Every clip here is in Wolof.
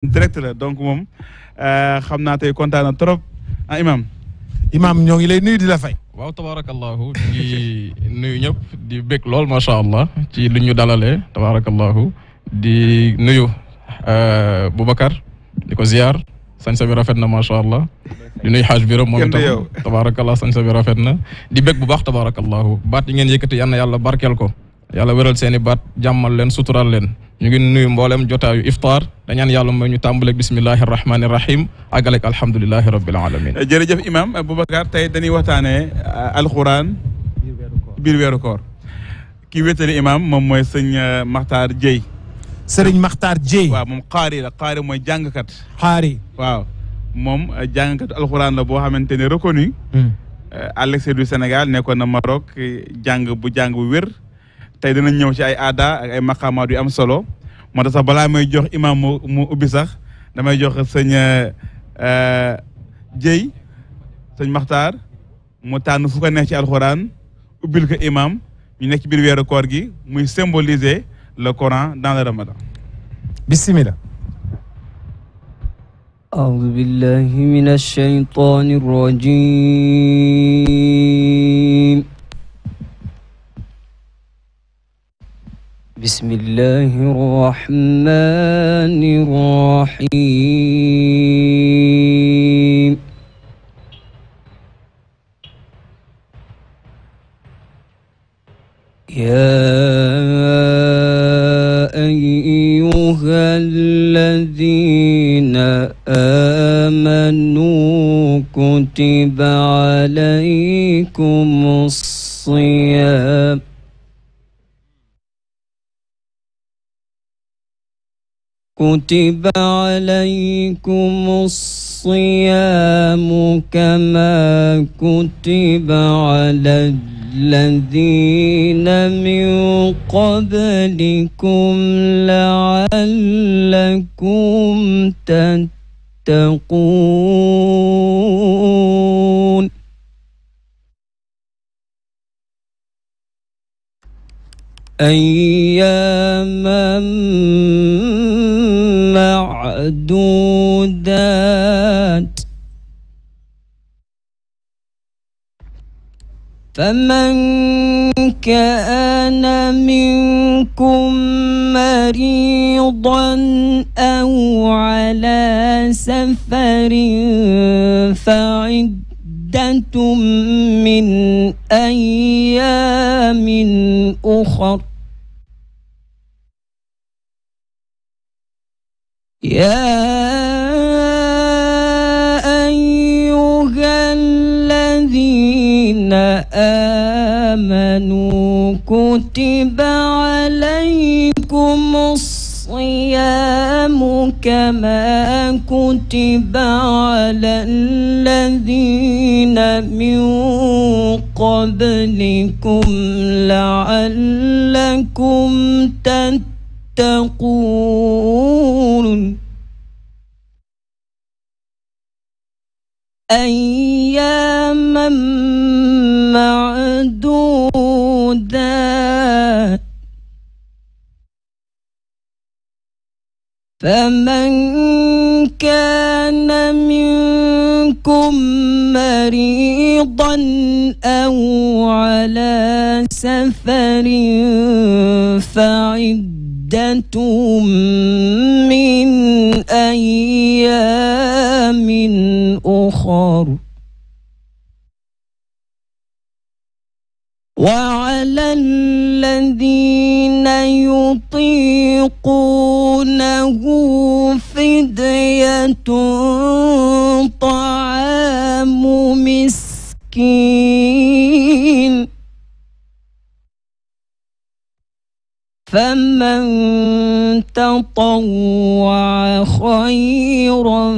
direct donc moom euh, xam naa tey kontaan trop ah imam imam ñoo ngi lay nuyu di la fay waaw tabarakallahu di nuyu ñëpp di bég lool macha allah ci lu ñu dalalee tabarakallahu di nuyu euh, Boubacar nuko ko ziar sañsa bi rafet na macha allah di nuyu xaaj biram moom itam tabarakallah sañsa bi rafet na di bég bu baax tabarakallahu baat yi ngeen yëkkati yal yàlla barkeel ko yàlla wéral seeni baat jàmmal leen sutural leen ñu ngi nuy mboolem jotaayu iftaar dañaan yàlla mooy ñu tàmbaleeg bismillahi rahmaani rahim àggaleeg alhamdulilahi rabbil alamin jërëjëf imam Boubacar tey dañuy waxtaanee euh, alquran biir weeru koor kii wéttali imam moom mooy sëñ euh, Maxtaar Dieye sëriñ Maxtaar Dieye waaw moom xaari la xaari mooy jàngkat xaari waaw moom euh, jàngkat alquran la boo xamante ne reconnu hmm. à l'extérieur senegal Sénégal nekkoon na Maroc jàng bu jàng bu wér tay danañ ñëw ci ay aada ak ay maqaamaat yu am solo moo tax sax balaa may jox imam mu mu ubbi sax damay jox sëñ euh, euh, Dieye sëñ Maxtaar mu tànn fu ko neex ci alxuraan ubbil ko imam ñu nekk ci biir weeru koor gi muy symboliser le Coran dans le Ramadan. bisimilah. أعوذ بالله من الشيطان الرجيم بسم الله الرحمن الرحيم يا أيها الذين آمنوا كتب عليكم الصيام كتب عليكم الصيام كما كتب على الذين من قبلكم لعلكم تتقون أياما معدودات فمن كان منكم مريضا أو على سفر فعدة من أيام أخر يا أيها الذين آمنوا كتب عليكم الصيام كما كتب على الذين من قبلكم لعلكم تتقون فمن كان منكم مريضا أو على سفر فعدة من أيام أخر وعلى الذين يطيقونه فدية طعام مسكين فمن تطوع خيرا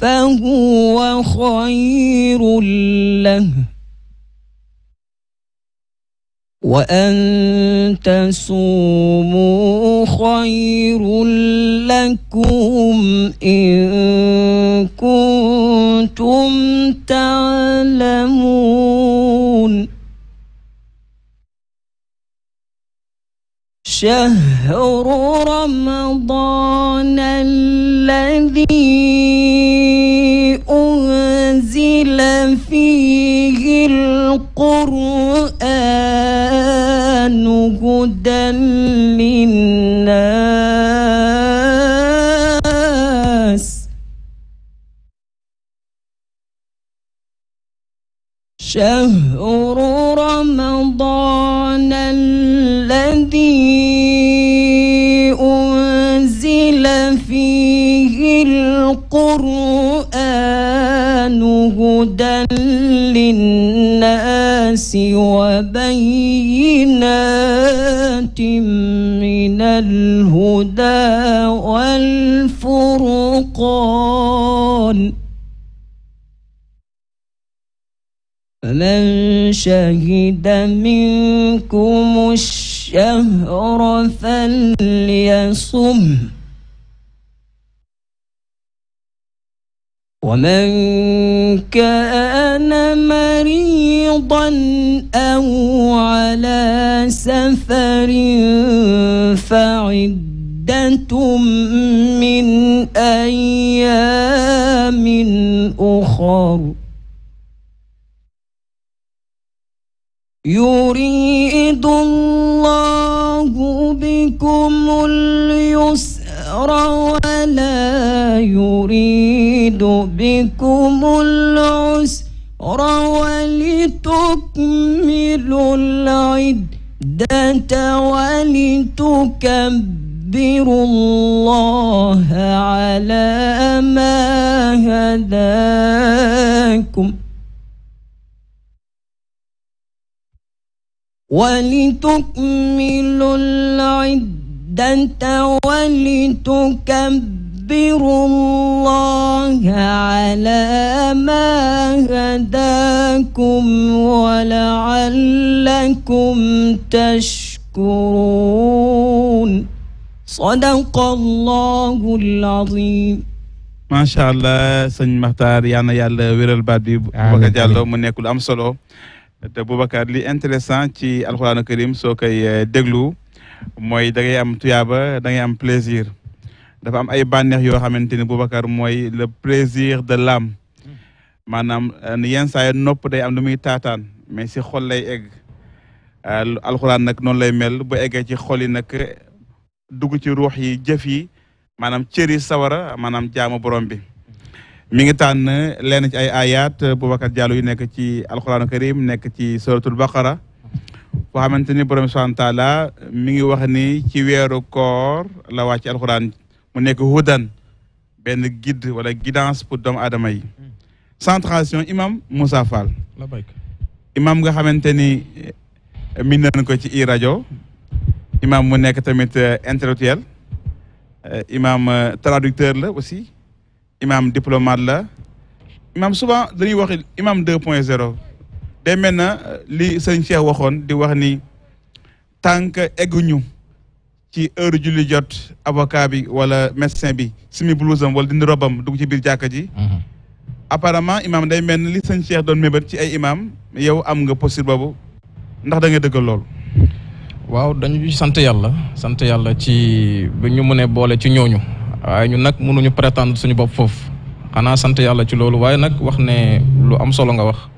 فهو خير له وأن تصوموا خير لكم إن كنتم تعلمون شهر رمضان الذي أنزل فيه القرآن هدى للناس شهر رمضان الذي أنزل فيه القرآن هدى للناس وبينات من الهدى والفرقان فمن شهد منكم الشهر فليصمه ومن كان مريضا أو على سفر فعدة من أيام أخر يريد الله بكم اليسر ولا يريد يريد بكم العسر ولتكملوا العدة ولتكبروا الله على ما هداكم ولتكملوا العدة ولتكبروا أكبر الله على ما هداكم ولعلكم تشكرون صدق الله العظيم ما شاء الله سن مختار يانا يالا ويرال بادي بوكا جالو من يكل ام سولو تبو بكار لي انتريسان تي القران الكريم سوكاي آه، دغلو موي داغي ام تيابا داغي ام بليزير dafa am ay bànneex yoo xamante ni Boubacar mooy le plaisir de l'âme maanaam euh, yenn saa nopp day am lu muy taataan mais si xol lay egg euh, alxuraan nag noonu lay mel bu eggee ci xol yi nag dugg ci ruux yi jëf yi maanaam cër yi sawara maanaam jaamu borom bi mi ngi tànn leen ci ay ayat euh, Boubacar Diallo yu nekk ci alxuraanu karim nekk ci suratul baqara foo xamante ni borom subhanahu wa mi ngi wax ni ci weeru koor la wàcc alxuraan mu nekk hudan guide wala guidance pour Dom aadama yi hmm. Centration, imam Moussa Fall La imam nga xamanteni eh, min nañ ko ci i rajo imam mu nek tamit eh, intellectuel eh, imam traducteur la aussi imam diplomate la imam souvent dañuy wax imam deux point zéro li seigne Cheikh waxone di wax ni tànk egguñu ci heure julli jot avocat bi wala messin bi simi blouse am wala dindi robam dugg ci biir jàkka ji mhm. apparemment imam day mel ni li sëñ Cheikh doon mébét ci ay imam yow am nga posture boobu ndax da nga dëggal loolu waaw dañu sant yàlla sant yàlla ci bi ñu mënee boole ci ñooñu waaye ñun nag mënuñu prétendre suñu bopp foofu xanaa sant yàlla ci loolu waaye nag wax ne lu am solo nga wax